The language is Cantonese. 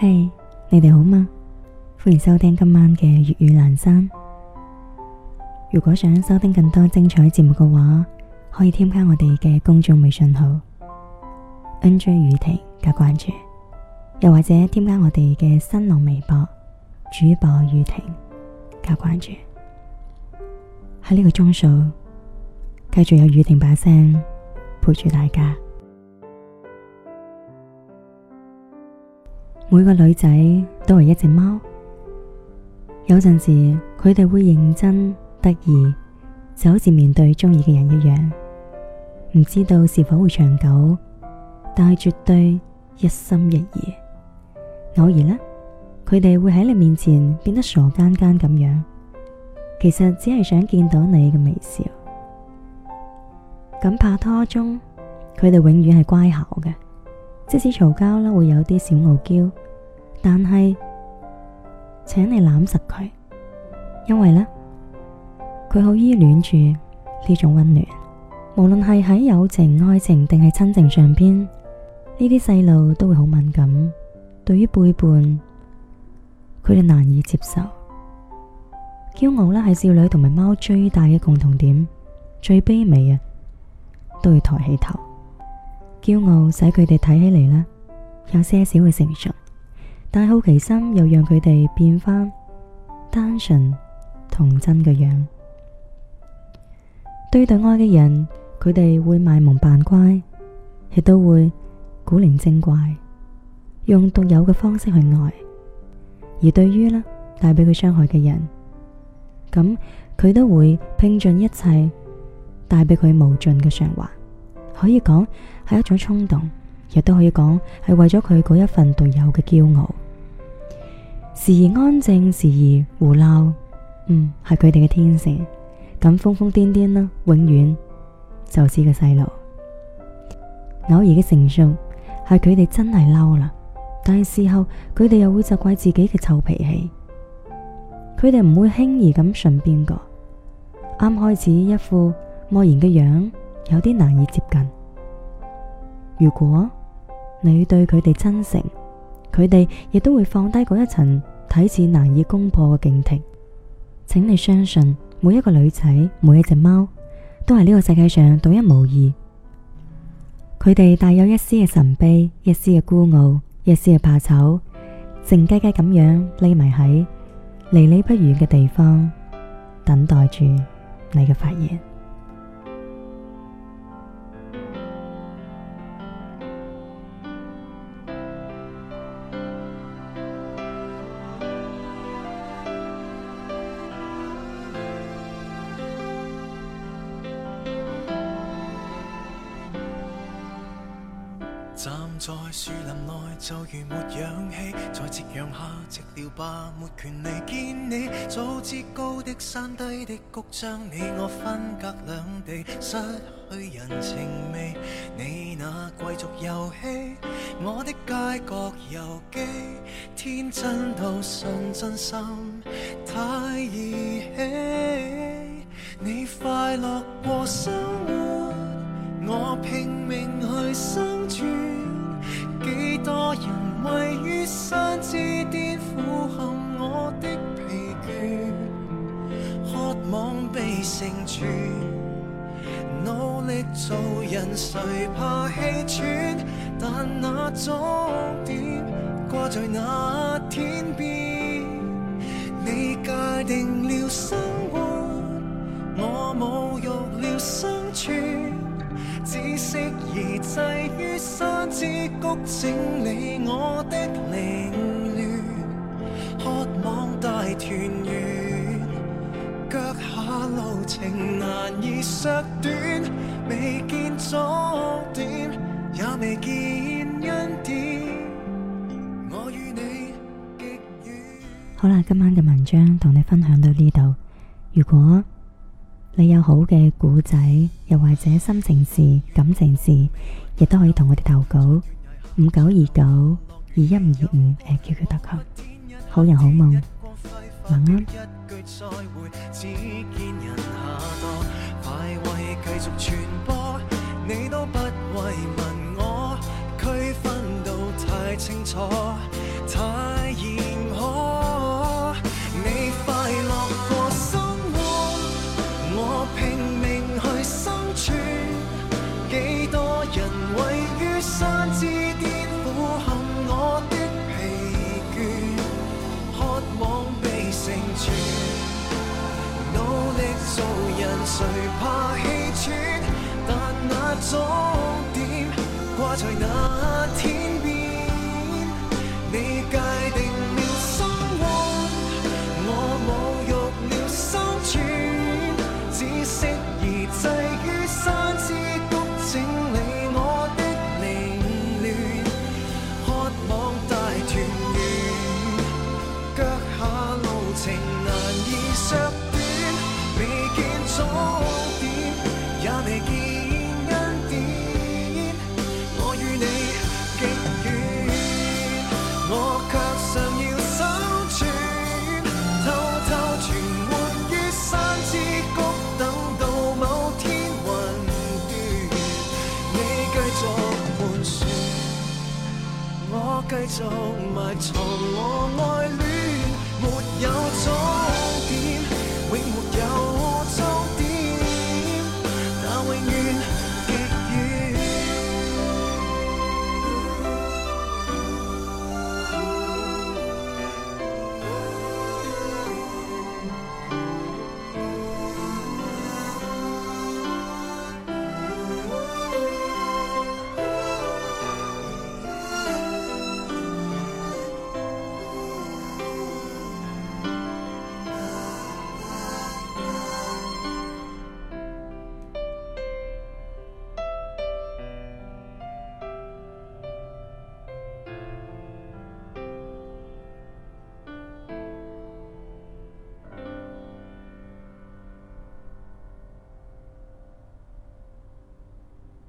嘿，hey, 你哋好嗎？歡迎收聽今晚嘅粵語闌珊。如果想收聽更多精彩節目嘅話，可以添加我哋嘅公眾微信號 NJ 宇婷加關注，又或者添加我哋嘅新浪微博主播宇婷加關注。喺呢個鐘數，繼續有宇婷把聲陪住大家。每個女仔都係一隻貓，有陣時佢哋會認真得意，就好似面對中意嘅人一樣，唔知道是否會長久，但係絕對一心一意。偶爾呢，佢哋會喺你面前變得傻更更咁樣，其實只係想見到你嘅微笑。咁拍拖中，佢哋永遠係乖巧嘅。即使嘈交啦，會有啲小傲嬌，但係請你攬實佢，因為呢，佢好依戀住呢種溫暖。無論係喺友情、愛情定係親情上邊，呢啲細路都會好敏感，對於背叛，佢哋難以接受。驕傲啦，係少女同埋貓最大嘅共同點，最卑微啊，都要抬起頭。驕傲使佢哋睇起嚟呢，有些少嘅成熟，但好奇心又讓佢哋變翻單純童真嘅樣。對待愛嘅人，佢哋會賣萌扮乖，亦都會古靈精怪，用獨有嘅方式去愛；而對於呢帶俾佢傷害嘅人，咁佢都會拼盡一切帶俾佢無盡嘅償還。可以講係一種衝動，亦都可以講係為咗佢嗰一份獨有嘅驕傲。時而安靜，時而胡鬧，嗯，係佢哋嘅天性。咁瘋瘋癲癲啦，永遠就是個細路。偶爾嘅成熟係佢哋真係嬲啦，但係事後佢哋又會責怪自己嘅臭脾氣。佢哋唔會輕易咁信邊個。啱開始一副漠然嘅樣。有啲難以接近。如果你對佢哋真誠，佢哋亦都會放低嗰一層睇似難以攻破嘅警惕。請你相信，每一個女仔，每一隻貓，都係呢個世界上獨一無二。佢哋帶有一絲嘅神秘，一絲嘅孤傲，一絲嘅怕醜，靜雞雞咁樣匿埋喺離你不遠嘅地方，等待住你嘅發現。在樹林內就如沒氧氣，在夕陽下寂寥吧，沒權利見你。早知高的山、低的谷，將你我分隔兩地，失去人情味。你那貴族遊戲，我的街角遊記，天真到信真心。成全努力做人，誰怕氣喘？但那終點掛在那天邊。你界定了生活，我侮辱了生存，只適宜滯於山之谷，整理我的凌亂渴望大團。好啦，今晚嘅文章同你分享到呢度。如果你有好嘅故仔，又或者心情事、感情事，亦都可以同我哋投稿五九二九二一五二五誒，叫佢特。好人好夢，晚安，啊。再會，只見人下墮，快慰繼續傳播，你都不慰問我，區分到太清楚，太誰怕氣喘？但那終點掛在那天邊。你界定了生活，我侮辱了生存。只適宜棲於山之谷，整理我的凌亂。渴望大團圓，腳下路程難以削。未見終點，也未見恩典。我與你極遠，我卻尚要生存。偷偷存活於山之谷，等到某天雲端。你繼續盤旋，我繼續埋藏我埋。我